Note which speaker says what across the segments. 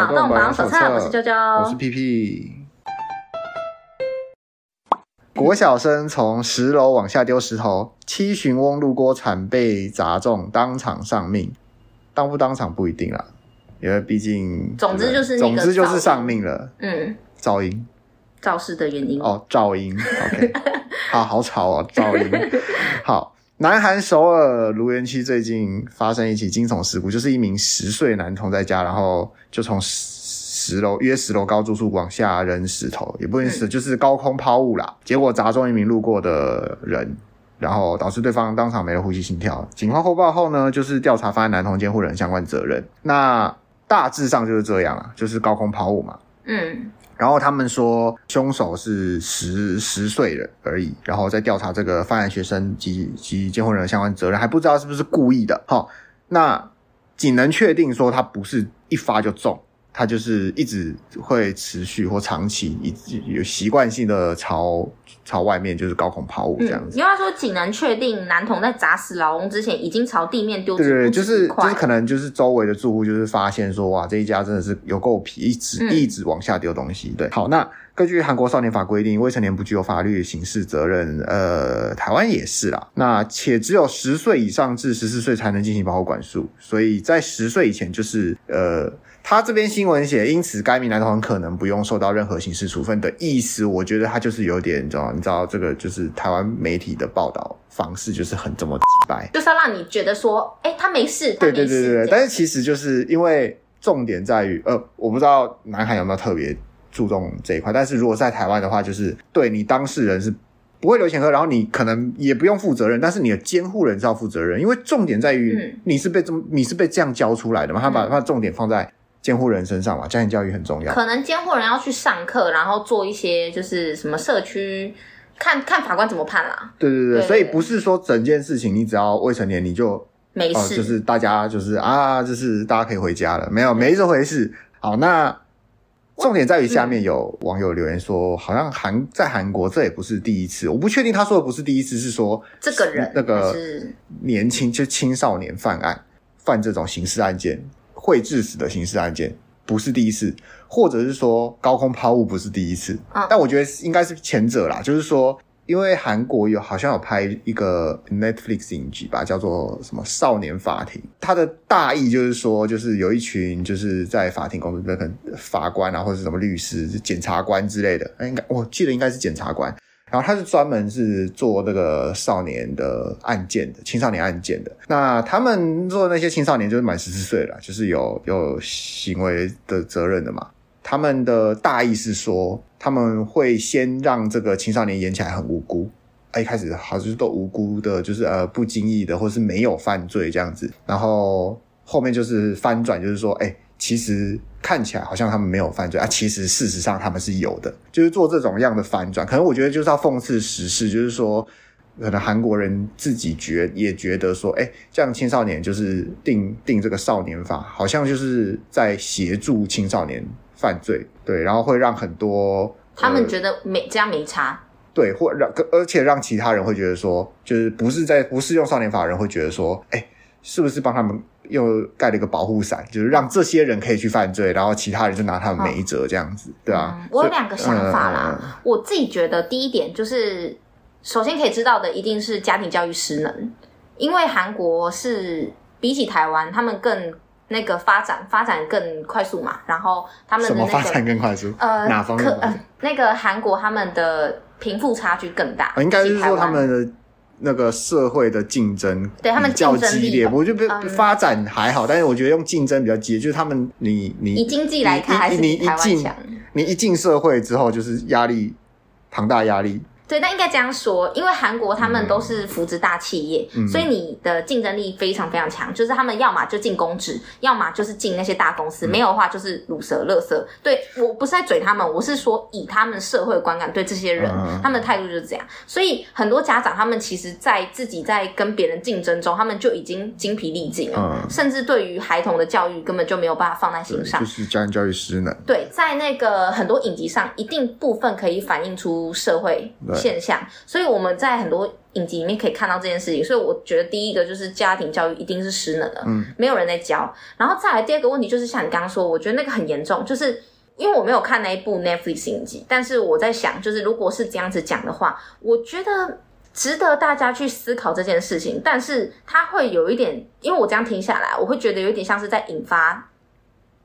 Speaker 1: 腦洞事件簿，我是嬌嬌，我是
Speaker 2: 屁屁。嗯、國小生從十樓往下丟石頭，七旬翁路過慘被砸中，當場喪命。當不當場不一定啦，因為畢竟……總之就是，總之就是喪命了。嗯，噪音，肇事的原因哦，噪音。OK， 好好吵哦，噪音。 好。南韓首爾盧原區最近發生一起驚悚事故，就是一名十歲男童在家，然後就從十樓約十樓高住處往下扔石頭，也不一定就是高空拋物啦，結果砸中一名路過的人，然後導致對方當場沒了呼吸心跳。警方獲報後呢，就是調查發現男童監護人相關責任。那大致上就是這樣啊，就是高空拋物嘛。嗯。然後他們說，兇手是十十歲人而已，然後在調查這個犯案學生及及監護人的相關責任，還不知道是不是故意的。哈、哦，那僅能確定說他不是一發就中。他就是一直會持續或長期有習慣性的朝朝外面，就是高空拋物這樣子。
Speaker 1: 因為、嗯、他說僅能確定男童在砸死老翁之前已經朝地面丟。對對對，就是
Speaker 2: 就是可能就是周圍的住戶就是發現說，哇，這一家真的是有夠皮，一直、嗯、一直往下丟東西。對，好，那根據韓國少年法規定，未成年不具有法律刑事責任，呃，台灣也是啦。那且只有十歲以上至十四歲才能進行保護管束，所以在十歲以前就是呃。他這邊新聞寫，因此該名男童可能不用受到任何刑事處分的意思，我覺得他就是有點，你知道，你知道這個就是台灣媒體的報道方式，就是很這麼直白，就是要
Speaker 1: 讓你覺得說，哎、欸，他沒事。對對對對對。
Speaker 2: 但是其實就是因為重點在於，呃，我不知道南海有沒有特別注重這一塊，但是如果在台灣的話，就是對你當事人是不會留前科，然後你可能也不用負責任，但是你的監護人是要負責任，因為重點在於你是被這麼、嗯、你是被這樣教出來的嘛，他把、嗯、他重點放在。監護人身上嘛，家庭教育很重要，可
Speaker 1: 能監護人要去上課，然後做一些就是什麼社區，看看法官怎麼判啦，對
Speaker 2: 對對，對對對，所以不是說整件事情你只要未成年你就沒事，哦，就是大家就是啊，就是大家可以回家了，沒有沒這回事。好，那重點在於下面有網友留言說，好像韓、嗯、在韓國這也不是第一次，我不確定他說的不是第一次，是說這個人那個年輕就青少年犯案，犯這種刑事案件，會致死的刑事案件不是第一次，或者是說高空拋物不是第一次啊，但我覺得應該是前者啦，就是說，因為韓國有好像有拍一個 Netflix 影集吧，叫做什麼《少年法庭》，它的大意就是說，就是有一群就是在法庭工作的法官啊，或者是什麼律師、檢察官之類的，應該我記得應該是檢察官。然後他是專門是做那個少年的案件的，青少年案件的。那他們做的那些青少年就是滿十四歲了，就是有有行為的責任的嘛。他們的大意是說，他們會先讓這個青少年演起來很無辜，哎，一開始好像是，就是，都無辜的，就是呃不經意的，或是沒有犯罪這樣子。然後後面就是翻轉，就是說，哎，其實。看起來好像他們沒有犯罪啊，其實事實上他們是有的，就是做這種樣的反轉。可能我覺得就是要諷刺時事，就是說，可能韓國人自己覺也覺得說，哎、欸，這樣青少年就是定定這個少年法，好像就是在協助青少年犯罪，對，然後會讓很多、呃、
Speaker 1: 他們覺得沒這樣沒差，
Speaker 2: 對，或讓而且讓其他人會覺得說，就是不是在不是用少年法的人會覺得說，哎、欸，是不是幫他們？又蓋了一個保護傘，就是讓這些人可以去犯罪，然後其他人就拿他們沒轍這樣子，哦、對啊、啊嗯。我有兩個想法啦、嗯，
Speaker 1: 我自己覺得第一點就是、嗯，首先可以知道的一定是家庭教育失能，因為韓國是比起台灣，他們更那個發展發展更快速嘛，然後他們的、那個、什麼發展
Speaker 2: 更快速？呃，哪方面？
Speaker 1: 那個韓國他們的貧富差距更大，呃、應
Speaker 2: 該是說他們的。那個社會的競爭對他們比較激烈，我就覺得發展還好，嗯，但是我覺得用競爭比較激烈，就是他們你你以經濟來看你，你，你一進社會之後就是壓力，龐大壓力。
Speaker 1: 對，但應該這樣說，因為韓國他們都是扶植大企業、嗯，所以你的競爭力非常非常強、嗯。就是他們要麼就進公職，要麼就是進那些大公司、嗯，沒有的話就是魯蛇垃圾。對，我不是在嘴他們，我是說以他們社會觀感對這些人，嗯、他們的態度就是這樣。所以很多家長他們其實，在自己在跟別人競爭中，他們就已經精疲力盡了、嗯，甚至對於孩童的教育根本就沒有辦法放在心上，就
Speaker 2: 是家庭教育失能。
Speaker 1: 對，在那個很多影集上，一定部分可以反映出社會。現象，所以我們在很多影集裡面可以看到這件事情，所以我覺得第一個就是家庭教育一定是失能的，嗯，沒有人在教，然後再來第二個問題就是像你剛剛說，我覺得那個很嚴重，就是因為我沒有看那一部 Netflix 影集，但是我在想，就是如果是這樣子講的話，我覺得值得大家去思考這件事情，但是它會有一點，因為我這樣停下來，我會覺得有一點像是在引發。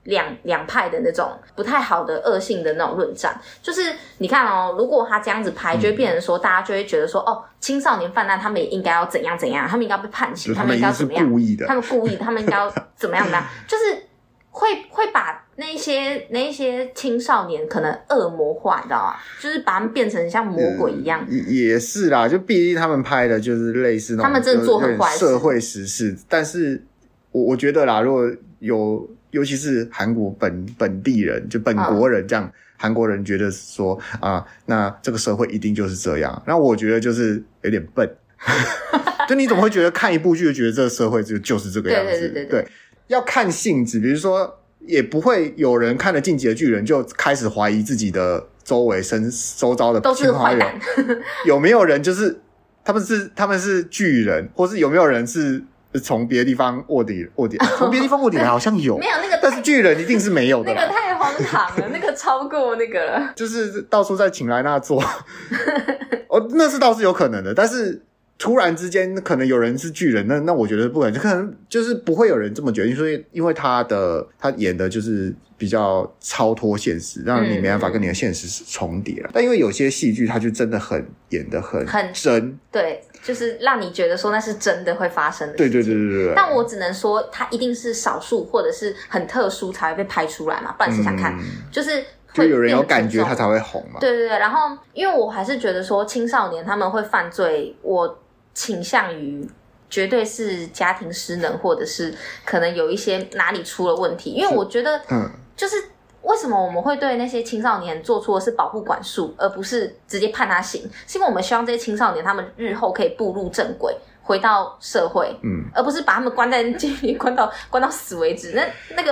Speaker 1: 兩兩派的那種不太好的惡性的那種論戰，就是你看哦，如果他這樣子拍，就會變成說，嗯、大家就會覺得說，哦，青少年犯案，他們也應該要怎樣怎樣，他們應該被判刑，就是他他，他們應該要怎麼樣，他們故意，他們故意，他們應該要怎麼樣怎麼樣，就是會會把那些那些青少年可能惡魔化，你知道嗎？就是把他們變成像魔鬼一樣。
Speaker 2: 也，也，也是啦，就畢竟他們拍的就是類似那種，他們真的做很壞事社會時事，但是我我覺得啦，如果有。尤其是韓國本本地人，就本國人這樣，韓、oh. 國人覺得說啊、呃，那這個社會一定就是這樣。那我覺得就是有點笨， 就你怎麼會覺得看一部劇就覺得這個社會就就是這個樣子？ 對，對，對，對，對，對，對，要看性質。比如說，也不會有人看了《進擊的巨人》就開始懷疑自己的周圍身周遭的都是壞人。 有沒有人就是他們是他們是巨人，或是有沒有人是？從別的地方臥底，臥底，從別的地方臥底，好像有，哦、沒有那個，但是巨人一定是沒有的。那個太
Speaker 1: 荒唐了， 那個超過那個了，
Speaker 2: 就是到處在請萊納坐， 哦，那是倒是有可能的，但是突然之間可能有人是巨人，那那我覺得不可能，就可能就是不會有人這麼覺得，因為因為他的他演的就是。比較超脫現實，讓你沒辦法跟你的現實重疊了，嗯。但因為有些戲劇，它就真的很演得很很真，
Speaker 1: 對，就是讓你覺得說那是真的會發生的事
Speaker 2: 情。對，對對對對對。但
Speaker 1: 我只能說，它一定是少數或者是很特殊才會被拍出來嘛，不然你想想看。嗯，就是
Speaker 2: 會就有人有感覺，他才會紅嘛。對
Speaker 1: 對對。然後，因為我還是覺得說青少年他們會犯罪，我傾向於絕對是家庭失能，或者是可能有一些哪裡出了問題。因為我覺得，嗯。就是為什麼我們會對那些青少年做出的是保護管束，而不是直接判他刑，是因為我們希望這些青少年他們日後可以步入正軌，回到社會，嗯，而不是把他們關在監獄裡關到關到死為止。那那個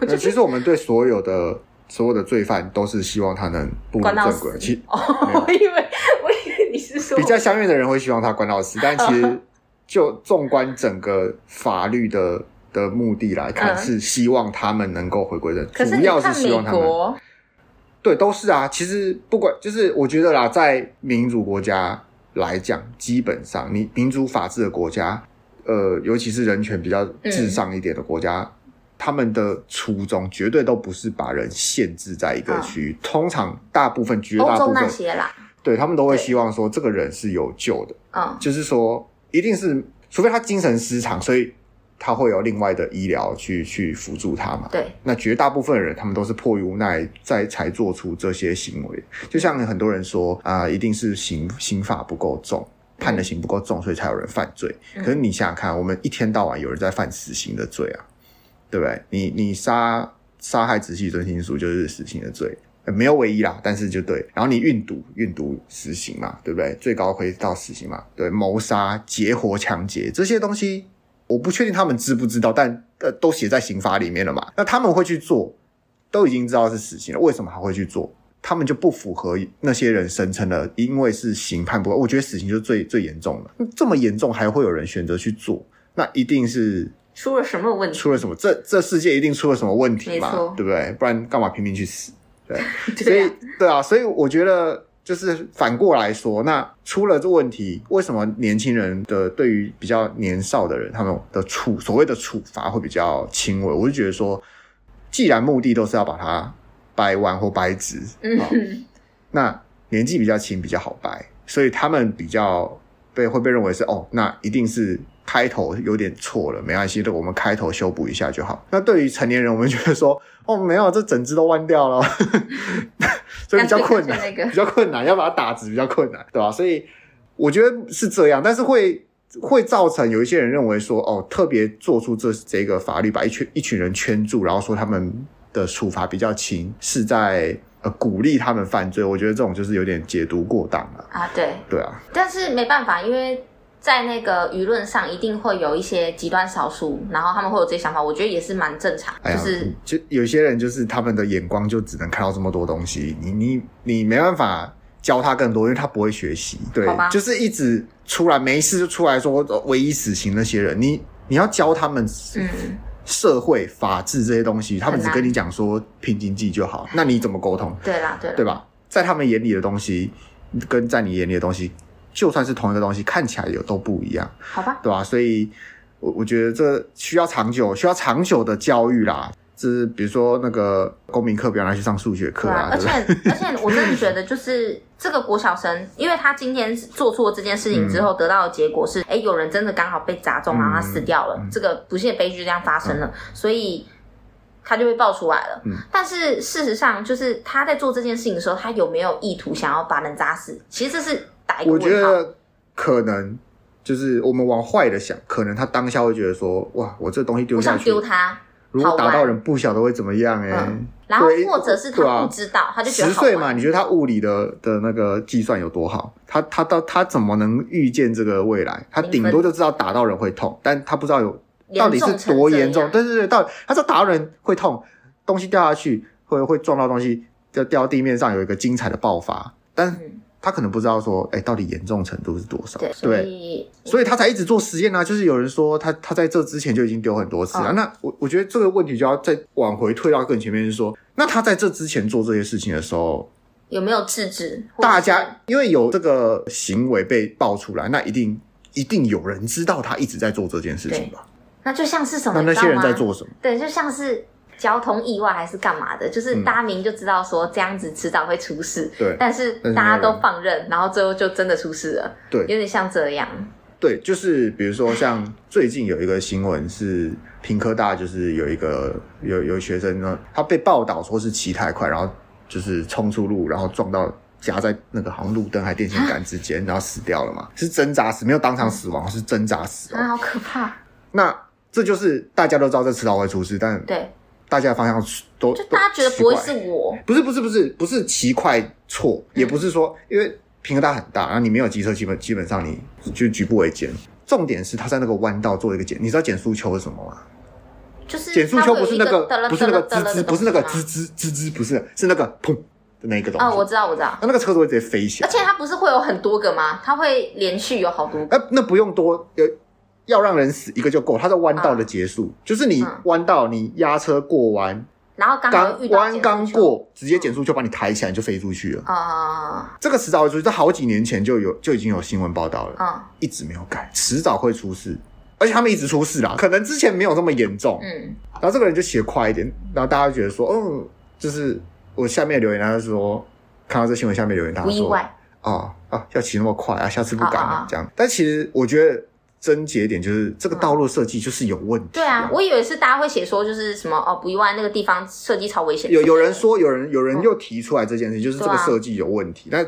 Speaker 1: 我、
Speaker 2: 就是嗯，其實我們對所有的所有的罪犯都是希望他能步入正軌。其實、哦，我以為
Speaker 1: 我以為你是說比較
Speaker 2: 幸運的人會希望他關到死，但其實就縱觀整個法律的。的目的來看，是希望他們能夠回歸的，主要是希望他們，對，都是啊。其實不管就是，我覺得啦，在民主國家來講，基本上你民主法治的國家，呃，尤其是人權比較至上一點的國家，他們的初衷絕對都不是把人限制在一個區域。通常大部分絕大部分那些啦，對他們都會希望說，這個人是有救的。就是說，一定是除非他精神失常，所以。他會有另外的醫療去去輔助他嘛？對，那絕大部分的人他們都是迫於無奈在才做出這些行為。就像很多人說啊、呃，一定是刑刑法不夠重、嗯，判的刑不夠重，所以才有人犯罪、嗯。可是你想想看，我們一天到晚有人在犯死刑的罪啊，對不對？你你殺殺害直系尊親屬就是死刑的罪，沒有唯一啦，但是就對。然後你運毒，運毒死刑嘛，對不對？最高可以到死刑嘛？對，對，謀殺、劫活、搶劫這些東西。我不確定他們知不知道，但呃，都寫在刑法裡面了嘛。那他們會去做，都已經知道是死刑了，為什麼還會去做？他們就不符合那些人聲稱的，因為是刑判不？我覺得死刑就最最嚴重了，這麼嚴重還會有人選擇去做，那一定是出了什麼問題？出了什麼？這這世界一定出了什麼問題嘛？沒錯，對不對？不然幹嘛拼命去死？對， 對啊、所以對啊，所以我覺得。就是反過來說，那出了這問題，為什麼年輕人的對於比較年少的人，他們的處所謂的處罰會比較輕微？我就覺得說，既然目的都是要把它掰彎或掰直，嗯哦，那年紀比較輕比較好掰，所以他們比較被會被認為是哦，那一定是。開頭有點錯了，沒關係的，我們開頭修補一下就好。那對於成年人，我們覺得說，哦，沒有，這整隻都彎掉了，
Speaker 1: 所以比較困難、 那個，比較
Speaker 2: 困難，要把它打直比較困難，對吧、啊？所以我覺得是這樣，但是會會造成有一些人認為說，哦，特別做出這這個法律，把一群一群人圈住，然後說他們的處罰比較輕，是在、呃、鼓勵他們犯罪。我覺得這種就是有點解讀過當了啊，對，對啊，但是
Speaker 1: 沒辦法，因為。在那個輿論上，一定會有一些極端少數，然後他們會有這些想法，我覺得也是蠻正
Speaker 2: 常，就是、哎、就有些人就是他們的眼光就只能看到這麼多東西，你你你沒辦法教他更多，因為他不會學習。對，就是一直出來沒事就出來說唯一死刑那些人，你你要教他們社會、嗯、法治這些東西，他們只跟你講說拼經濟，就好，那你怎麼溝通？嗯。對啦，對啦，對吧？在他們眼裡的東西，跟在你眼裡的東西，就算是同一個東西，看起來也都不一樣，好吧，對吧？所以，我我覺得這需要長久，需要長久的教育啦。就是比如說那個公民課表，不要拿去上數學課啊。而且、啊，而且，而
Speaker 1: 且我真的覺得，就是 這個國小生，因為他今天做錯這件事情之後，得到的結果是，哎、嗯，有人真的剛好被砸中、啊，然、嗯、後他死掉了。嗯、這個不幸的悲劇這樣發生了、嗯，所以他就被爆出來了。嗯、但是事實上，就是他在做這件事情的時候，他有沒有意圖想要把人砸死？其實這是。打我覺得
Speaker 2: 可能就是我們往壞的想，可能他當下會覺得說：“哇，我這東西丟下去不想丟他，如果打到人，不曉得會怎麼樣、欸。嗯”哎，然後或者是他不知道，啊、他就覺得十歲嘛？你覺得他物理的的那個計算有多好？他他到他，他怎麼能預見這個未來？他頂多就知道打到人會痛，但他不知道有到底是多嚴重。但是到他說打到人會痛，東西掉下去會會撞到東西，就掉到地面上有一個精彩的爆發，但。嗯他可能不知道說，哎、欸，到底嚴重程度是多少？對，所以所以他才一直做實驗啊。就是有人說他他在這之前就已經丟很多次了、啊哦。那我我覺得這個問題就要再往回退到更前面，是說，那他在這之前做這些事情的時候，
Speaker 1: 有沒有制止？
Speaker 2: 大家因為有這個行為被爆出來，那一定一定有人知道他一直在做這件事情吧？那
Speaker 1: 就像是什麼？那那些人在做什麼？對，就像是。交通意外還是幹嘛的？就是大家明明就知道說這樣子遲早會出事、嗯，對。但是大家都放任，然後最後就真的出事了，對。有點像這樣，
Speaker 2: 對。就是比如說像最近有一個新聞是，屏科大就是有一個有有學生呢，他被報道說是騎太快，然後就是衝出路，然後撞到夾在那個好像路燈還電線桿之間、啊，然後死掉了嘛，是掙扎死，沒有當場死亡，是掙扎死、喔，啊、
Speaker 1: 嗯，好可怕。
Speaker 2: 那這就是大家都知道這遲早會出事，但對。大家的方向都，就大家覺得、欸、不會是我，不是不是不是不是騎快錯，也不是說、嗯、因為平衡大很大，然後你沒有機車，基本基本上你就舉步維艱。重點是他在那個彎道做一個減，你知道減速丘是什麼嗎？就是減速丘不是那個不是那個吱吱不是那個吱吱吱吱不是是那個砰的那個東西。啊，我知道我
Speaker 1: 知道。
Speaker 2: 那那個車子會直接飛起來，而且
Speaker 1: 它不是會有很多個嗎？它會連續有
Speaker 2: 好多個。哎，那不用多有。要讓人死一個就夠。他在彎道的結束，啊、就是你彎道，你壓車過彎，嗯，
Speaker 1: 然後剛彎剛過，
Speaker 2: 直接減速就把你抬起來就飛出去了啊！這個遲早會出事，這好幾年前就有就已經有新聞報道了、啊，一直沒有改，遲早會出事，而且他們一直出事啦。嗯、可能之前沒有這麼嚴重，嗯。然後這個人就騎快一點，然後大家就覺得說，嗯，就是我下面留言他就，他說看到這新聞下面留言他就，他說意外啊啊，要騎那麼快啊，下次不敢了、啊、這樣、啊。但其實我覺得，癥結點就是這個道路設計就是有問題、啊嗯。
Speaker 1: 對啊，我以為是大家會寫說就是什麼哦，不意外那個地方設計超危險。有有人
Speaker 2: 說，有人有人又提出來這件事情、哦，就是這個設計有問題、啊，但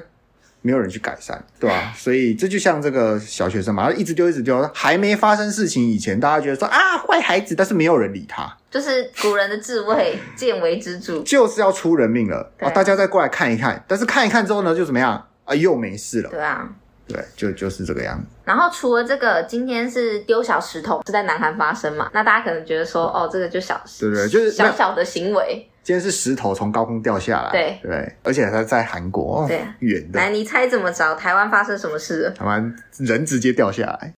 Speaker 2: 沒有人去改善，對吧、啊？所以這就像這個小學生嘛，他一直丟一直丟，還沒發生事情以前，大家覺得說啊壞孩子，但是沒有人理他。就是
Speaker 1: 古人的智慧，見微知
Speaker 2: 著，就是要出人命了啊、哦！大家再過來看一看，但是看一看之後呢，就怎麼樣啊？又沒事了。對啊。對，就就是這個樣子。
Speaker 1: 然後除了這個，今天是丟小石頭是在南韓發生嘛？那大家可能覺得說，哦，這個就小事，
Speaker 2: 對不對，就是小小
Speaker 1: 的行為。今
Speaker 2: 天是石頭從高空掉下來，對對，而且它在韓國，哦、對、啊，遠的。來，
Speaker 1: 你猜怎麼着？台灣發生什麼事了？
Speaker 2: 台灣人直接掉下來，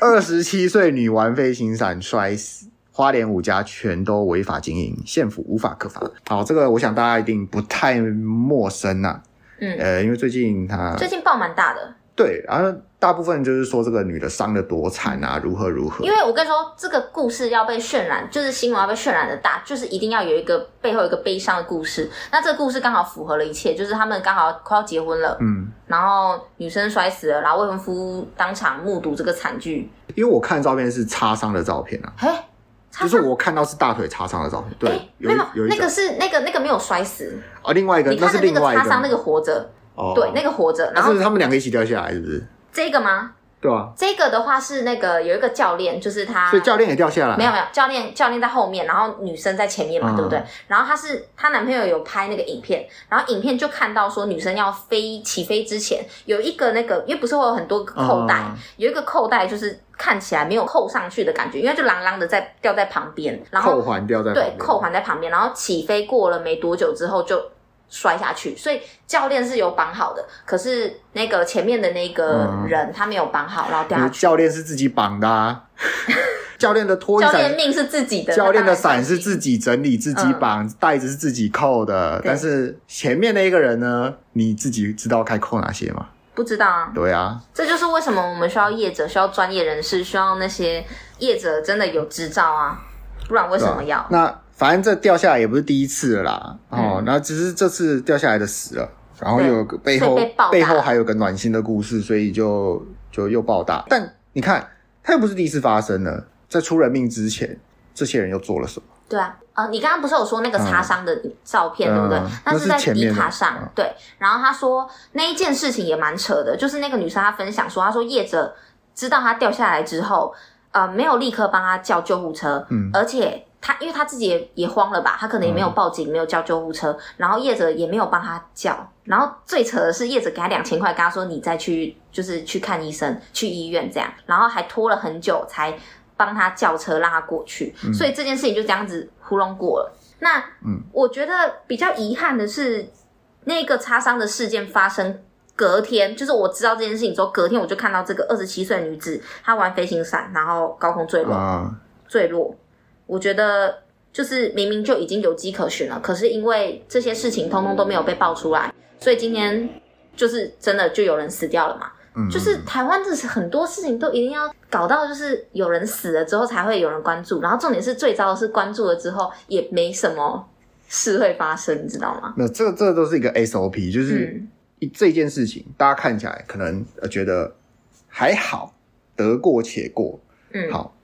Speaker 2: 二十七歲女玩飛行傘摔死，花蓮五家全都違法經營，縣府無法可罰。好，這個我想大家一定不太陌生吶、啊。嗯，呃，因為最近他、啊、最近爆蠻大的，對，然後、啊、大部分就是說這個女的傷的多慘啊，如何如何。因為
Speaker 1: 我跟你說，這個故事要被渲染，就是新聞要被渲染的大、嗯，就是一定要有一個背後一個悲傷的故事。那這個故事剛好符合了一切，就是他們剛好快要結婚
Speaker 2: 了，
Speaker 1: 嗯，然後女生摔死了，然後未婚夫當場目睹這個慘劇。
Speaker 2: 因為我看照片是擦傷的照片啊。蛤？就是我看到是大腿擦傷的照片，對，沒有，有那個是那
Speaker 1: 個那個沒有摔死
Speaker 2: 啊、哦，另外一個，你看的那個，那是另外一個擦傷那個活着、哦，對，那
Speaker 1: 個活着，啊、然後是他
Speaker 2: 們兩個一起掉下來，是不是這個嗎？對啊，
Speaker 1: 這個的話是那個有一個教練，就是他，所以教
Speaker 2: 練也掉下來了。沒有沒
Speaker 1: 有，教練教練在後面，然後女生在前面嘛，嗯、對不對？然後他是他男朋友有拍那個影片，然後影片就看到說女生要飛，起飛之前，有一個那個因為不是會有很多個扣帶、嗯，有一個扣帶就是看起來沒有扣上去的感覺，因為就啷啷的在掉在旁邊，然後扣環掉在旁邊。對，扣環在旁邊，然後起飛過了沒多久之後就。摔下去，所以教練是有綁好的。可是那個前面的那個人，他沒有綁好，嗯、然後掉下去。
Speaker 2: 教練是自己綁的，啊， 教練的拖傘，教練
Speaker 1: 命是自己的，教練的
Speaker 2: 傘是自己整理、嗯、自己綁，帶子是自己扣的。但是前面那一個人呢？你自己知道該扣哪些嗎？
Speaker 1: 不知道啊。對啊，這就是為什麼我們需要業者，需要專業人士，需要那些業者真的有執照啊，不然為什麼要？啊、那
Speaker 2: 反正這掉下來也不是第一次了啦，哦，嗯、然後只是這次掉下來的死了，然後又有個背後背後還有個暖心的故事，所以就就又爆大。但你看，他又不是第一次發生了，在出人命之前，這些人又做了什麼？
Speaker 1: 對啊，啊、呃，你剛剛不是有說那個擦傷的照片、啊，對不對？啊、那，是那是在前面。不是前面。對，然後他說那一件事情也蠻扯的，就是那個女生她分享說，她說業者知道他掉下來之後，呃，沒有立刻幫他叫救護車，嗯，而且。他因為他自己也也慌了吧，他可能也沒有報警，嗯、沒有叫救護車，然後業者也沒有幫他叫，然後最扯的是業者給他兩千塊，跟他說你再去就是去看醫生，去醫院這樣，然後還拖了很久才幫他叫車讓他過去、嗯，所以這件事情就這樣子呼嚨過了。那嗯，我覺得比較遺憾的是那個擦傷的事件發生隔天，就是我知道這件事情之後，隔天我就看到這個二十七歲的女子她玩飛行傘，然後高空墜落，墜落。我覺得就是明明就已經有跡可循了，可是因為這些事情通通都沒有被爆出來，所以今天就是真的就有人死掉了嘛。嗯，就是台灣這是很多事情都一定要搞到就是有人死了之後才會有人關注，然後重點是最糟的是關注了之後也沒什麼事會發生，你知道嗎？
Speaker 2: 那這這都是一個 SOP，就是這件事情、嗯、大家看起來可能覺得還好，得過且過。嗯，好，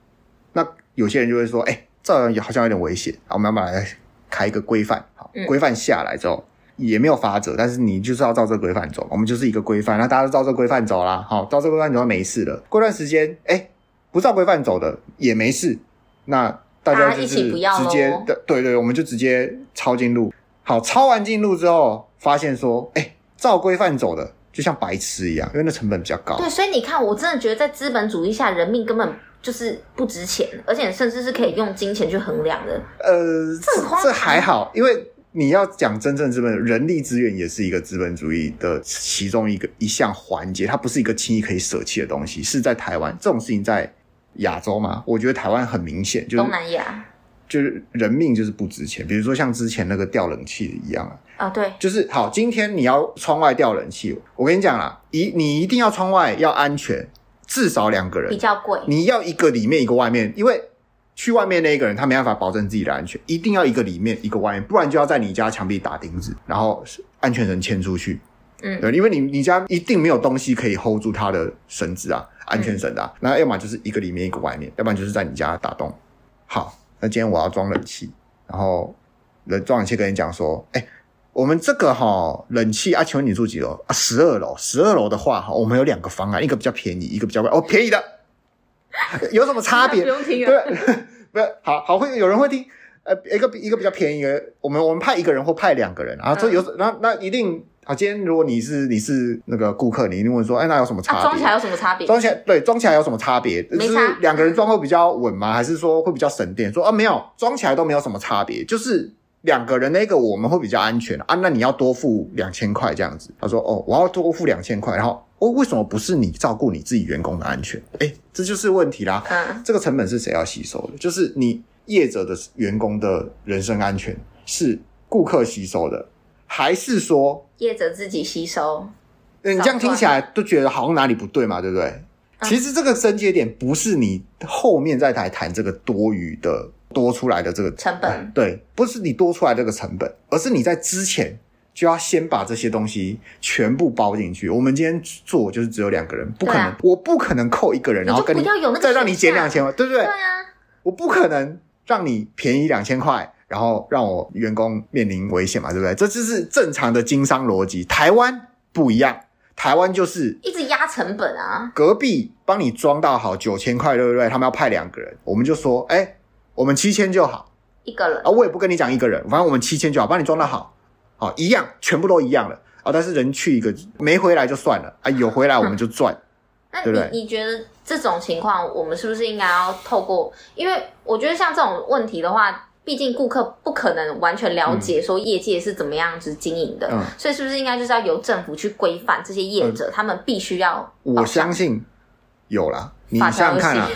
Speaker 2: 那有些人就會說，哎、欸。照樣也好像有點危險，啊我們要把它開一個規範。好，規範下來之後、嗯、也沒有法則，但是你就是要照這規範走，我們就是一個規範，那大家都照這規範走啦。好，照這規範走就沒事了。過段時間，哎、欸，不照規範走的也沒事，那大家就是直接的，啊、對，對對，我們就直接抄近路。好，抄完近路之後發現說，哎、欸，照規範走的就像白痴一樣，因為那成本比較高。對，
Speaker 1: 所以你看，我真的覺得在資本主義下，人命根本。就是不值
Speaker 2: 錢，而且甚至是可以用金錢去衡量的。呃這，這還好，因為你要講真正資本，人力資源也是一個資本主義的其中一個一項環節，它不是一個輕易可以捨棄的東西。是在台灣這種事情在亞洲嘛，我覺得台灣很明顯，就是東南亞，就是人命就是不值錢。比如說像之前那個吊冷氣一樣啊，啊對，就是好，今天你要窗外吊冷氣，我跟你講啦，一你一定要窗外要安全。至少兩個人比較貴，你要一個裡面一個外面，因為去外面那一個人他沒辦法保證自己的安全，一定要一個裡面一個外面，不然就要在你家牆壁打釘子，然後安全繩牽出去。嗯，對，因為你你家一定沒有東西可以 hold 住他的繩子啊，安全繩的、啊嗯，那要麼就是一個裡面一個外面，要不然就是在你家打洞。好，那今天我要裝冷氣，然後冷，裝冷氣跟你講說，哎、欸。我們這個哈、哦、冷氣啊，請問你住幾樓啊？十二樓。十二樓的話，哈，我們有兩個方案，一個比較便宜，一個比較貴。哦，便宜的 有什麼差別？不用聽了，對，不 要。好好會有人會聽。呃，一個一個、比一個比較便宜的，我們我們派一個人或派兩個人啊。這、嗯、有，那那一定啊。今天如果你是你是那個顧客，你一定問說，哎，那有什麼差別、啊？裝起來
Speaker 1: 有什麼差別？裝起
Speaker 2: 來對，裝起來有什麼差別？就是，是兩個人裝會比較穩嗎？ 還是說會比較省電？說啊，沒有，裝起來都沒有什麼差別，就是。兩個人那個我們會比較安全啊，啊那你要多付兩千塊這樣子。他說：“哦，我要多付兩千塊。”然後我，哦，為什麼不是你照顧你自己員工的安全？哎，這就是問題啦，啊。這個成本是誰要吸收的？就是你業者的員工的人身安全是顧客吸收的，還是說
Speaker 1: 業者自己吸收？你
Speaker 2: 這樣聽起來都覺得好像哪裡不對嘛，對不對？啊，其實這個癥結點不是你後面再來談這個多餘的，多出來的這個成本、嗯，對，不是你多出來這個成本，而是你在之前就要先把這些東西全部包進去。我們今天做就是只有兩個人，不可能，啊、我不可能扣一個人，然後跟你，你要有那個，再讓你減兩千塊，對不對？對啊，我不可能讓你便宜兩千塊，然後讓我員工面臨危險嘛，對不對？這就是正常的經商邏輯。台灣不一樣，台灣就是一
Speaker 1: 直壓成本啊。
Speaker 2: 隔壁幫你裝到好九千塊，對不對？他們要派兩個人，我們就說，哎、欸。我們七千就好，一個人啊、哦，我也不跟你講一個人，反正我們七千就好，幫你裝的好，好、哦、一樣，全部都一樣了啊、哦。但是人去一個沒回來就算了啊，有回來我們就賺、嗯，對不對？那你、你
Speaker 1: 覺得這種情況，我們是不是應該要透過？因為我覺得像這種問題的話，畢竟顧客不可能完全了解說業界是怎麼樣子經營的，嗯嗯、所以是不是應該就是要由政府去規範這些業者，呃、他們必須要
Speaker 2: 我相信有啦，你想想看啊。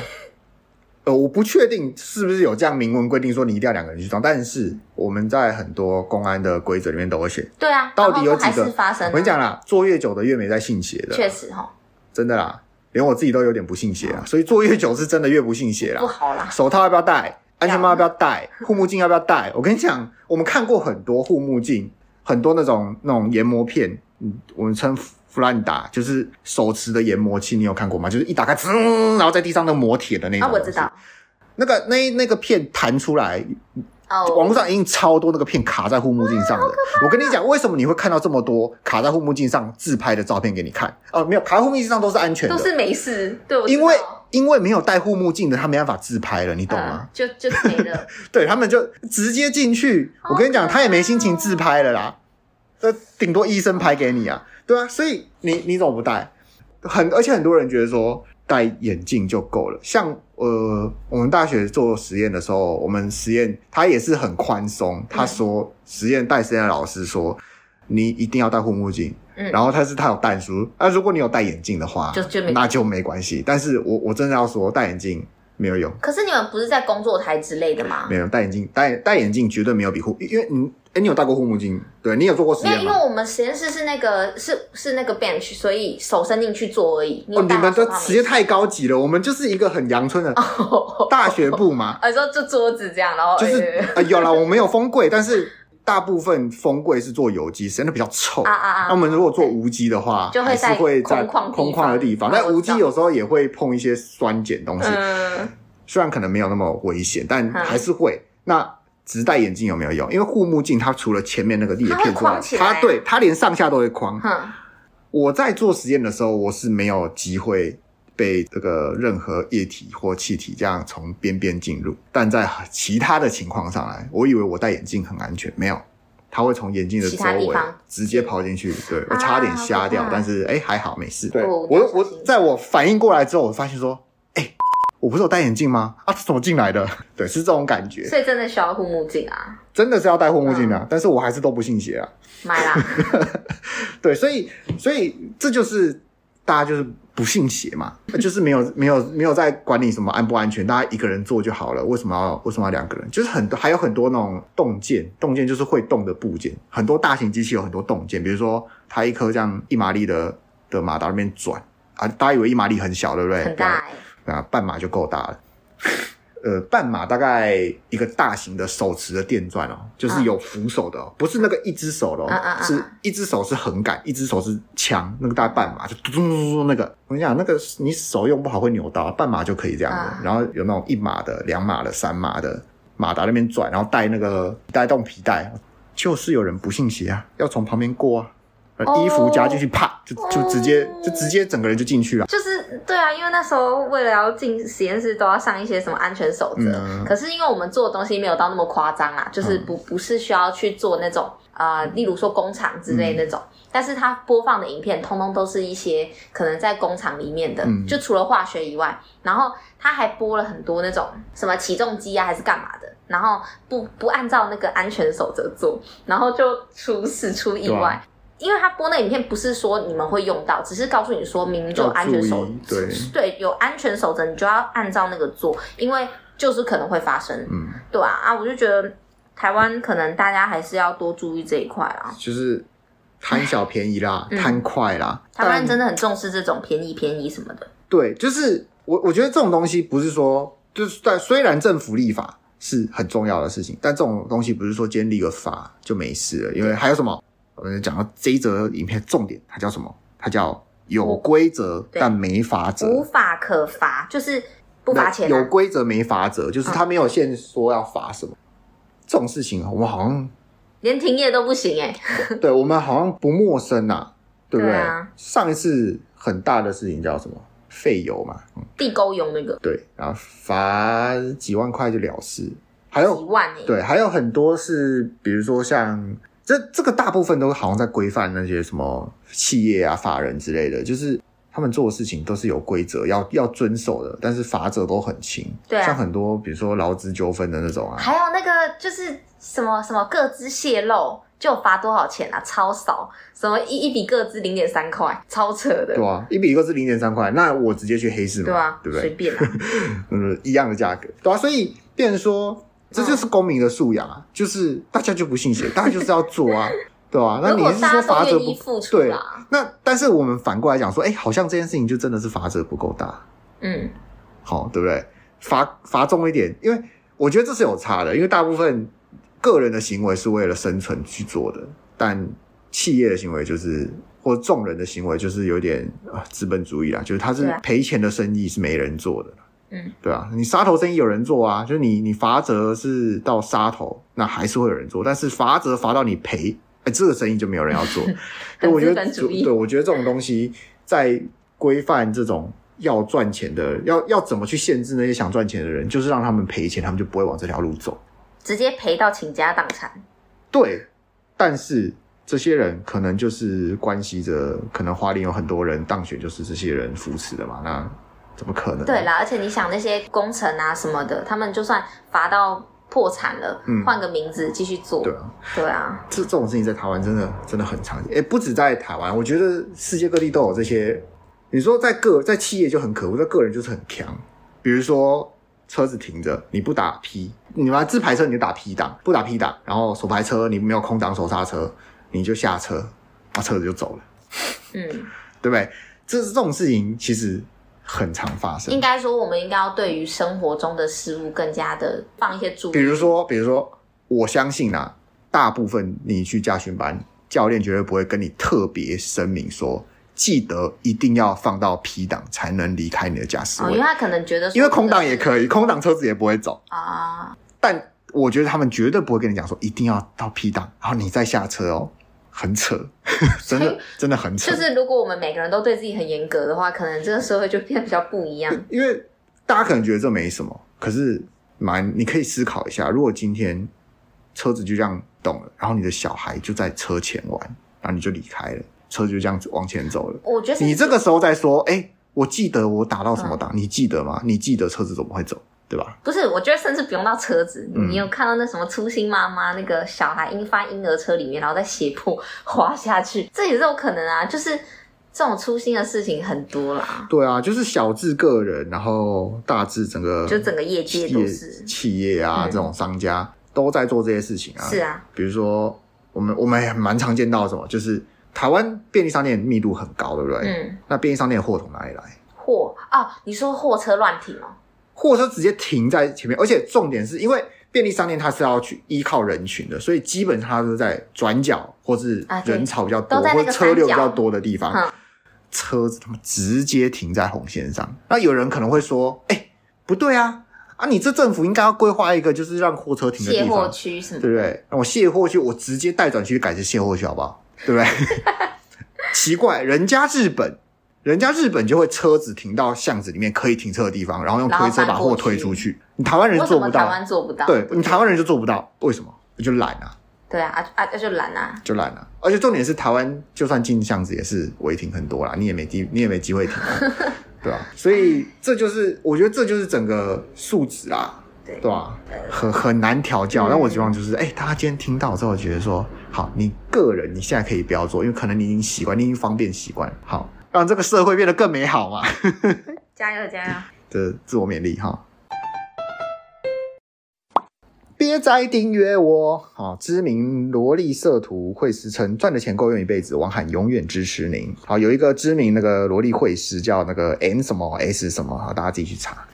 Speaker 2: 我不確定是不是有這樣明文規定說你一定要兩個人去裝，但是我們在很多公安的規則裡面都會寫。
Speaker 1: 對啊，到底有幾個？發生啊、我跟你講
Speaker 2: 啦，做越久的越沒在信邪的，確實哈、哦，真的啦，連我自己都有點不信邪啦。所以做越久是真的越不信邪了，不好啦。手套要不要戴？嗯、安全帽要不要戴？護目鏡要不要戴？我跟你講，我們看過很多護目鏡，很多那種那種研磨片，我們稱。弗蘭達就是手持的研磨器，你有看過嗎？就是一打開，噌，然後在地上那磨鐵的那種。哦，我知道。那個那那個片彈出來，oh. 網絡上已經超多那個片卡在護目鏡上的。哦、的。我跟你講，為什麼你會看到這麼多卡在護目鏡上自拍的照片給你看？哦，沒有卡在護目鏡上都是安全的，都是
Speaker 1: 沒事，對，我
Speaker 2: 知道。因為，因為沒有戴護目鏡的，他沒辦法自拍了，你懂嗎？
Speaker 1: 呃、就就沒
Speaker 2: 了。 對他們就直接進去。Okay. 我跟你講，他也沒心情自拍了啦。這頂多醫生拍給你啊。對啊，所以你你怎麼不戴？很，而且很多人覺得說戴眼鏡就夠了。像呃，我們大學做實驗的時候，我們實驗，他也是很寬鬆。嗯、他說實驗戴實驗老師說，你一定要戴護目鏡，嗯、然後他是他有戴書。啊，如果你有戴眼鏡的話，就就那就沒關係。但是我我真的要說戴眼鏡。沒有用。
Speaker 1: 可是你們不是在工作台之類的嗎？沒
Speaker 2: 有，戴眼鏡，戴戴眼鏡絕對沒有比護，因為你哎，你有戴過護目鏡？對，你有做過實驗嗎？沒有，
Speaker 1: 因為我們實驗室是那個是是那個 bench，所以手伸進去做而已。哦，你們的實驗太
Speaker 2: 高級了，我們就是一個很陽春的大學部嘛。啊、哦，哦哦哦
Speaker 1: 哦哦、說就桌子這樣，然後就是啊、
Speaker 2: 哎呃，有啦，我沒有風櫃， 但是。大部分風櫃是做有機，實驗的比較臭啊啊，啊，啊那我們如果做無機的話，還是會在空曠的地方。那、嗯、無機有時候也會碰一些酸鹼東西，雖然可能沒有那麼危險、嗯，但還是會。那只戴眼鏡有沒有用？因為護目鏡它除了前面那個裂片之外，它會框起來。它對它連上下都會框。嗯、我在做實驗的時候，我是沒有機會。被這個任何液體或氣體這樣從邊邊進入，但在其他的情況上來，我以為我戴眼鏡很安全，沒有，他會從眼鏡的周圍直接跑進去，對我差點瞎掉，啊、但是哎、欸、還好沒事。對我我在我反應過來之後，我發現說，哎、欸，我不是有戴眼鏡嗎？啊，是怎麼進來的？對，是這種感覺。所以
Speaker 1: 真的需要護目鏡
Speaker 2: 啊，真的是要戴護目鏡的、啊嗯，但是我還是都不信邪啊，買
Speaker 1: 啦，
Speaker 2: 對，所以所以這就是。大家就是不信邪嘛，就是沒有沒有沒有在管理什麼安不安全，大家一個人做就好了，為什麼要為什麼要兩個人？就是很多還有很多那種動件，動件就是會動的部件，很多大型機器有很多動件，比如說它一顆這樣一馬力的的馬達那邊轉啊，大家以為一馬力很小，對不對？很大。啊，半馬就夠大了。 呃，半馬大概一個大型的手持的電鑽哦，就是有扶手的哦，啊、不是那個一隻手的哦，啊啊啊是一隻手是橫桿，一隻手是槍，那個大半馬就嘟嘟嘟、嘟、嘟嘟嘟那個，我跟你講，那個你手用不好會扭到，半馬就可以這樣的、啊、然後有那種一碼的、兩碼的、三碼的，馬達那邊轉，然後帶那個帶動皮帶，就是有人不信邪啊，要從旁邊過啊。衣服夾進去，啪，oh, 就就直接，oh. 就直接整個人就進去了。就是
Speaker 1: 對啊，因為那時候為了要進實驗室，都要上一些什麼安全守則、嗯。可是因為我們做的東西沒有到那麼誇張啊，就是不、嗯、不是需要去做那種呃，例如說工廠之類那種。嗯、但是他播放的影片，通通都是一些可能在工廠裡面的、嗯，就除了化學以外，然後他還播了很多那種什麼起重機啊，還是幹嘛的，然後不不按照那個安全守則做，然後就除此出事出意外。因為他播那影片不是說你們會用到，只是告訴你說明，明就有安全守則，對，有安全守則你就要按照那個做，因為就是可能會發生，嗯，對啊，啊，我就覺得台灣可能大家還是要多注意這一塊啊，
Speaker 2: 就是貪小便宜啦，貪、嗯、快啦，嗯、台灣人
Speaker 1: 真的很重視這種便宜便宜什麼的。
Speaker 2: 對，就是我我覺得這種東西不是說就是在雖然政府立法是很重要的事情，但這種東西不是說今天立個法就沒事了，因為還有什麼？我們講到這一則影片重點，它叫什麼？它叫有規則、哦、但沒罰則無法可罰，就是不罰錢、啊。有規則沒罰則，就是他沒有現說要罰什麼。啊、這種事情，我們好像
Speaker 1: 連停業都不行哎。
Speaker 2: 對我們好像不陌生吶、啊，對不對，對、啊？上一次很大的事情叫什麼？廢油嘛，嗯、
Speaker 1: 地溝油那個。
Speaker 2: 對，然後罰幾萬塊就了事，還有幾
Speaker 1: 萬耶。對，還
Speaker 2: 有很多是，比如說像。這這個大部分都好像在規範那些什麼企業啊、法人之類的，就是他們做的事情都是有規則要要遵守的，但是罰則都很輕。對啊，像很多比如說勞資糾紛的那種啊，還
Speaker 1: 有那個就是什麼什麼個資洩露就罰多少錢啊？超少，什麼一一筆個資零點三塊，超扯的。對啊，
Speaker 2: 一筆個資零點三塊，那我直接去黑市嘛？對啊，對不對？隨便啊， 嗯，一樣的價格，對啊，所以變成說。這就是公民的素養啊、哦，就是大家就不信邪，大家就是要做啊，對吧？那你是說罰則不？對啊。那,是那但是我們反過來講說，哎，好像這件事情就真的是罰則不夠大，
Speaker 1: 嗯，
Speaker 2: 好、哦，對不對？罰罰重一點，因為我覺得這是有差的，因為大部分個人的行為是為了生存去做的，但企業的行為就是或是眾人的行為就是有點啊資本主義啦，就是他是賠錢的生意是沒人做的。嗯，對啊，你殺頭生意有人做啊，就是你，你罰則是到殺頭，那還是會有人做，但是罰則罰到你賠，哎，這個生意就沒有人要做 對。我覺得，對，我覺得這種東西在規範這種要賺錢的，嗯、要要怎麼去限制那些想賺錢的人，就是讓他們賠錢，他們就不會往這條路走，
Speaker 1: 直接賠到傾家蕩產。
Speaker 2: 對，但是這些人可能就是關係着，可能花蓮有很多人當選，就是這些人扶持的嘛，那。怎麼可能、啊？對
Speaker 1: 啦，而且你想那些工程啊什麼的，他們就算罰到破產了，嗯，換個名字繼續做，對啊，對
Speaker 2: 啊，這這種事情在台灣真的真的很常見，哎、欸，不止在台灣，我覺得世界各地都有這些。你說在個在企業就很可惡，在個人就是很強。比如說車子停着，你不打 P，你把自排車你就打 P 檔，不打 P 檔，然後手排車你沒有空檔手剎車，你就下車，那、啊、車子就走了，嗯，對不對？這是這種事情其實。很常發生，應該
Speaker 1: 說，我們應該要對於生活中的事物更加的放一些注意。比如
Speaker 2: 說，比如說，我相信啦、啊，大部分你去駕訓班，教練絕對不會跟你特別聲明說，記得一定要放到 P 檔才能離開你的駕駛位。因為他
Speaker 1: 可能覺得是，因為空檔也可
Speaker 2: 以，空檔車子也不會走啊。但我覺得他們絕對不會跟你講說，一定要到 P 檔，然後你再下車哦，很扯。 真的真的很慘。就是
Speaker 1: 如果我們每個人都對自己很嚴格的話，可能這個社會就變得比較不一
Speaker 2: 樣。因為大家可能覺得這沒什麼，可是蠻你可以思考一下，如果今天車子就這樣動了，然後你的小孩就在車前玩，然後你就離開了，車子就這樣子往前走了。我覺得你這個時候在說：“哎、欸，我記得我打到什麼檔、哦，你記得嗎？你記得車子怎麼會走？”對吧？
Speaker 1: 不是，我覺得甚至不用到車子。你有看到那什麼粗心媽媽、嗯，那個小孩應發嬰兒車裡面，然後在斜坡滑下去，這也是有可能啊。就是這種粗心的事情很多啦。
Speaker 2: 對啊，就是小至個人，然後大至整個業，就
Speaker 1: 整個業界都是
Speaker 2: 企業啊，這種商家、嗯、都在做這些事情啊。是啊，比如說我們我們也蠻常見到什麼，就是台灣便利商店密度很高，對不對？嗯。那便利商店的貨從哪裡來？
Speaker 1: 貨啊，你說貨車亂停嗎、哦？
Speaker 2: 貨車直接停在前面，而且重點是因為便利商店它是要去依靠人群的，所以基本上它是在轉角或是人潮比較多 okay, 或車流比較多的地方。嗯、車子他媽直接停在紅線上，那有人可能會說：“哎、欸，不對啊，啊你這政府應該要規劃一個就是讓貨車停的地方，卸貨區是嗎？對不對？那我卸貨區，我直接待轉區改成卸貨區好不好？對不對？” 奇怪，人家日本。人家日本就會車子停到巷子裡面可以停車的地方，然後用推車把貨推出去。去你台灣人做不到，為什麼
Speaker 1: 台灣做不到？
Speaker 2: 對，對你台灣人就做不到，為什麼？就懶啊。對啊，啊
Speaker 1: 就懶啊。
Speaker 2: 就懶啊，而且重點是台灣就算進巷子也是違停很多啦，你也沒機你也沒機會停，啊， 對吧、啊？所以這就是 我覺得這就是整個素質啊，對吧？很很難調教。那、呃、我希望就是，哎、欸，大家今天聽到我之後，覺得說好，你個人你現在可以不要做，因為可能你已經習慣，你已經方便習慣，好。讓這個社會變得更美好嘛！ 加油，加
Speaker 1: 油！
Speaker 2: 這自我勉勵哈。 別再訂閱我！好、哦、知名蘿莉色圖繪師稱賺的錢夠用一輩子，網喊永遠支持您。好，有一個知名那個蘿莉繪師叫那個 N 什麼 S 什麼，好，大家自己去查。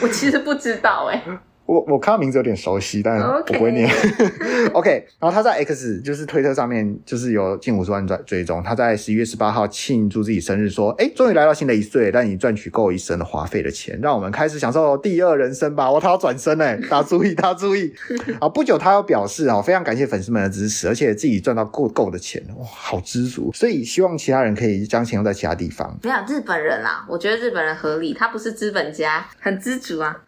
Speaker 1: 我其實不知道哎、欸。
Speaker 2: 我我看到名字有點熟悉，但我不會念、okay.。 OK，然後他在 X 就是推特上面，就是有近五十萬在追蹤。他在十一月十八號慶祝自己生日，說：“哎，終於來到新的一歲，但你賺取夠一生的花費的錢，讓我們開始享受第二人生吧！”我他要轉身大家注意大家注意啊！ 不久他又表示啊，非常感謝粉絲們的支持，而且自己賺到夠夠的錢，哇，好知足。所以希望其他人可以將錢用在其他地方。沒
Speaker 1: 有日本人啦、啊，我覺得日本人合理，他不是資本家，很知足啊。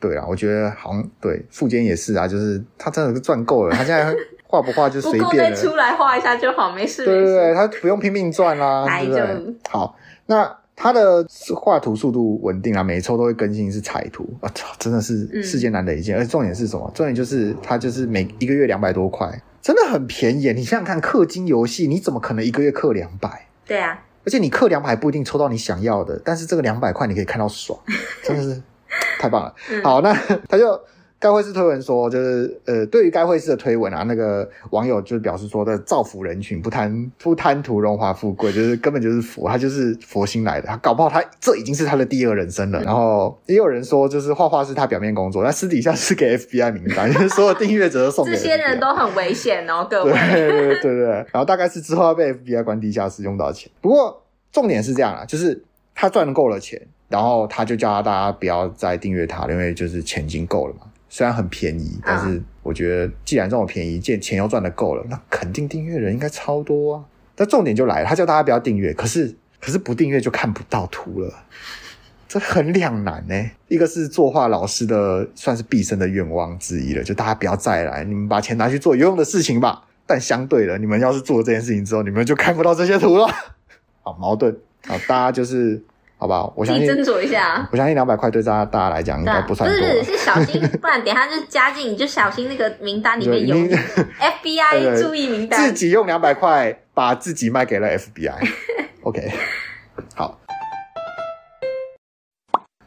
Speaker 2: 對啊，我覺得好像對富堅也是啊，就是他真的是賺夠了， 他現在畫不畫就隨便。夠出
Speaker 1: 來畫一下就好，沒事，對對
Speaker 2: 對，他不用拼命賺啦、啊，對 不對？ 好，那他的畫圖速度穩定啊，每一抽都會更新是彩圖，我、啊、操，真的是世間難得一見。嗯、而且重點是什麼？重點就是他就是每一個月兩百多塊，真的很便宜。你想想看，氪金遊戲你怎麼可能一個月氪兩百？對啊，而且你氪兩百不一定抽到你想要的，但是這個兩百塊你可以看到爽，真的是。 太棒了，嗯、好，那他就該繪師推文說，就是呃，對於該繪師的推文啊，那個網友就表示說，的、這個、造福人群，不貪不貪圖榮華富貴，就是根本就是佛，他就是佛心來的。他搞不好他這已經是他的第二人生了。嗯、然後也有人說，就是畫畫是他表面工作，那私底下是給 FBI 名單， 就是所有訂閱者都送這些人
Speaker 1: 都很危險哦，各位。
Speaker 2: 對，對，對對對，然後大概是之後要被 FBI 關地下室用到錢？不過重點是這樣啊，就是他賺夠了錢。然後他就叫大家不要再訂閱他了，因為就是錢已經夠了嘛。雖然很便宜，但是我覺得既然這麼便宜，錢錢又賺得夠了，那肯定訂閱人應該超多啊。但重點就來了，他叫大家不要訂閱，可是可是不訂閱就看不到圖了，這很兩難呢、欸。一個是作畫老師的算是畢生的願望之一了，就大家不要再來，你們把錢拿去做有用的事情吧。但相對的，你們要是做這件事情之後，你們就看不到這些圖了。好，矛盾。好，大家就是。 好不好？我相信。啊、我相信兩百塊對大家大家來講應該不算多不是，是小心，不然等
Speaker 1: 一下就加進 你就小心那個名單裡面有 FBI 對對對，注意名
Speaker 2: 單。自己用兩百塊把自己賣給了 FBI，OK， okay, 好。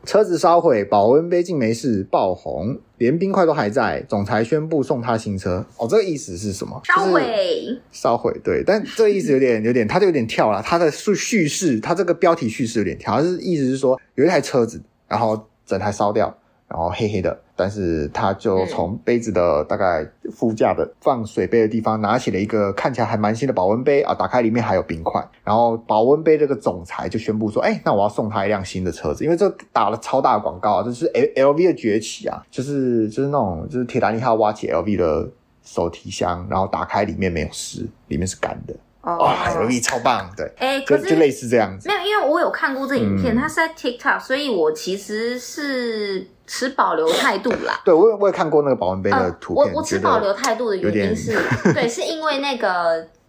Speaker 2: 車子燒毀，保溫杯竟沒事，爆紅，連冰塊都還在。總裁宣布送她新車。哦，這個意思是什麼？就是燒毀，燒毀。對，但這個意思有點，有點，它就有點跳啦。它的敘敘事，它這個標題敘事有點跳，它是意思是說有一台車子，然後整台燒掉，然後黑黑的。但是他就從杯子的大概副駕的放水杯的地方拿起了一個看起來還蠻新的保溫杯啊，打開裡面還有冰塊。然後保溫杯這個總裁就宣布說：“哎、欸，那我要送他一輛新的車子，因為這打了超大的廣告，啊，這、就是 L L V 的崛起啊，就是就是那種就是鐵達尼號挖起 L V 的手提箱，然後打開裡面沒有濕，裡面是乾的，哦，L V 超棒，對，跟、欸、就，就類似這樣子。沒有，因為我有看過這影片，嗯、它
Speaker 1: 是在 TikTok，所以我其實是。持保留態度啦，
Speaker 2: 對，我也我也看過那個保溫杯的圖片。呃、我我持保留態度的原因是，
Speaker 1: 對，是因為那個，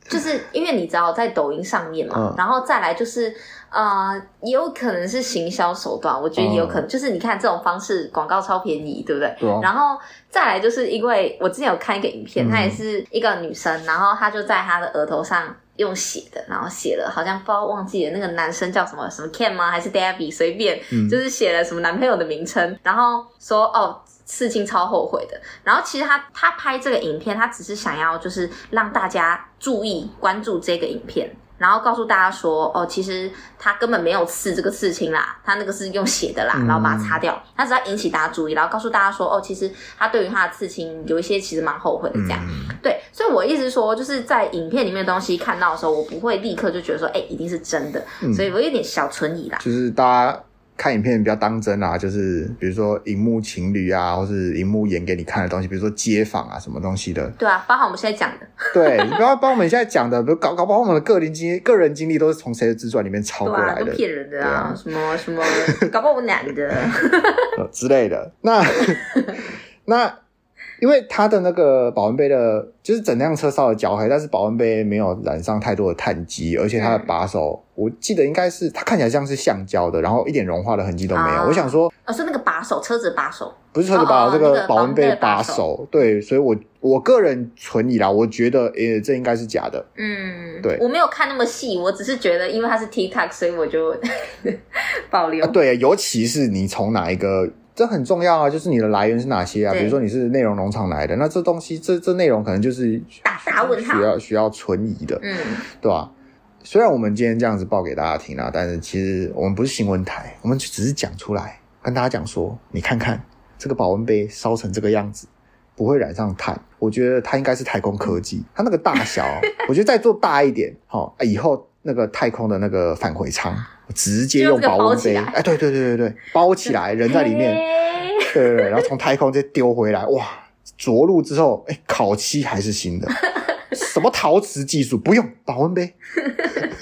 Speaker 1: 就是因為你知道在抖音上面嘛，嗯、然後再來就是，呃，也有可能是行銷手段，我覺得也有可能，嗯、就是你看這種方式廣告超便宜，對不對、嗯？然後再來就是因為我之前有看一個影片，她、嗯、也是一個女生，然後她就在她的額頭上。用寫的，然後寫了，好像不知道忘記了，那個男生叫什麼什麼 Ken 嗎？還是 Debbie 隨便，嗯，就是寫了什麼男朋友的名稱，然後說哦，事情超後悔的。然後其實他他拍這個影片，他只是想要就是讓大家注意關注這個影片。然後告訴大家說，哦，其實他根本沒有刺這個刺青啦，他那個是用血的啦，嗯、然後把它擦掉，他只要引起大家注意，然後告訴大家說，哦，其實他對於他的刺青有一些其實蠻後悔的這樣，嗯、對，所以我一直說就是在影片裡面的東西看到的時候，我不會立刻就覺得說，誒，一定是真的，嗯，所以我有點小存疑啦。
Speaker 2: 其實大家。看影片比較當真啊，就是比如說熒幕情侶啊，或是熒幕演給你看的東西，比如說街訪啊，什麼東西的。對
Speaker 1: 啊，包括我們現在講的。 對，你
Speaker 2: 不要把我們現在講的，不搞搞不好我們的個人經個人經歷都是從誰的自傳裡面抄過來的。對啊，都騙人的啊，啊，什
Speaker 1: 麼什麼搞不好
Speaker 2: 我男的 之類的。那那。因為它的那個保溫杯的，就是整輛車燒的焦黑，但是保溫杯沒有染上太多的碳基，而且它的把手、嗯，我記得應該是它看起來像是橡膠的，然後一點融化的痕跡都沒有。啊、我想說，
Speaker 1: 啊，是那個把手，車子的把手，不是車子把手，哦哦哦，這個保溫杯，杯的把手，
Speaker 2: 對，所以我，我我個人存疑啦，我覺得，誒、欸、這應該是假的，嗯，
Speaker 1: 對，我沒有看那麼細，我只是覺得，因為它是 T T
Speaker 2: A C，所以我就 保留，啊。對，尤其是你從哪一個。這很重要啊，就是你的來源是哪些啊？比如說你是內容農場來的，那這東西這這內容可能就是需要，需要，需要需要存疑的，嗯，對吧？雖然我們今天這樣子報給大家聽啦，啊、但是其實我們不是新聞台，我們只是講出來跟大家講說，你看看這個保溫杯燒成這個樣子，不會染上碳，我覺得它應該是太空科技。它那個大小， 我覺得再做大一點，好、哦，啊、以後那個太空的那個返回艙。直接用保溫杯，哎，欸、對對對對對，包起來， 人在裡面、欸，對對對，然後從太空再丟回來，哇，着陸之後，哎、欸，烤漆還是新的， 什麼陶瓷技術，不用保溫杯。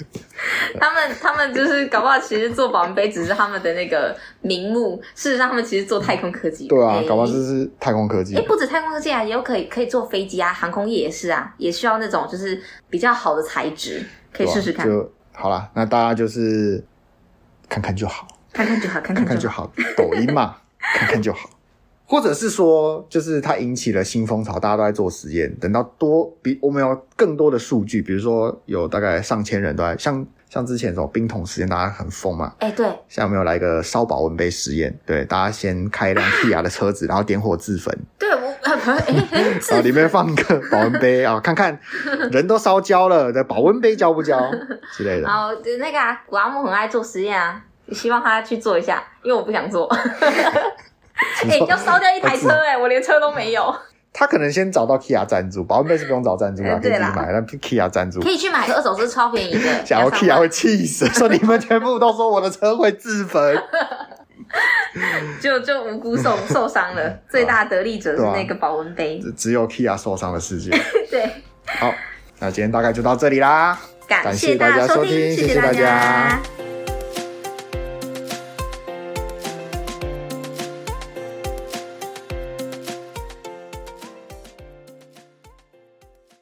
Speaker 1: 他們他們就是搞不好，其實做保溫杯只是他們的那個名目，事實上他們其實做太空科技。對啊、欸，搞不好就
Speaker 2: 是太空科技。哎、欸，不
Speaker 1: 止太空科技啊，也有可以可以做飛機啊，航空業也是啊，也需要那種就是比較好的材質，可以試試看。
Speaker 2: 啊、就好了，那大家就是。看看就好，
Speaker 1: 看看就好，看看就
Speaker 2: 好。抖音嘛， 看看就好。或者是說，就是它引起了新風潮，大家都在做實驗。等到多比，我們有更多的數據，比如說有大概上千人都在，像像之前這種冰桶實驗，大家很瘋嘛。哎、欸，對。現在我們要來一個燒保溫杯實驗，對，大家先開一輛剔牙的車子， 然後點火自焚。對，我。哦、嗯欸，裡面放一個保溫杯啊、 哦，看看人都燒焦了，這保溫杯焦不焦之 類的。哦，那個、啊、谷阿莫很愛做
Speaker 1: 實驗啊，希望他去做一下，因為我不想做。哎， 要、欸、燒掉一台車哎、欸，我連車都沒有。
Speaker 2: 他可能先找到 Kia 贊助，保溫杯是不用找贊助的，欸、對，可以自己買。那 Kia 贊助，可以去買二手車，
Speaker 1: 超便宜的。然 後
Speaker 2: Kia 會氣死，說 你們全部都說我的車會自焚。
Speaker 1: 就就無辜受受傷了， 最大得利者是那個保溫杯，
Speaker 2: 啊，只有 Kia 受傷的世界
Speaker 1: 對，
Speaker 2: 好，那今天大概就到這裡啦，感謝大家收聽，謝、收聽謝謝大家。謝謝大家。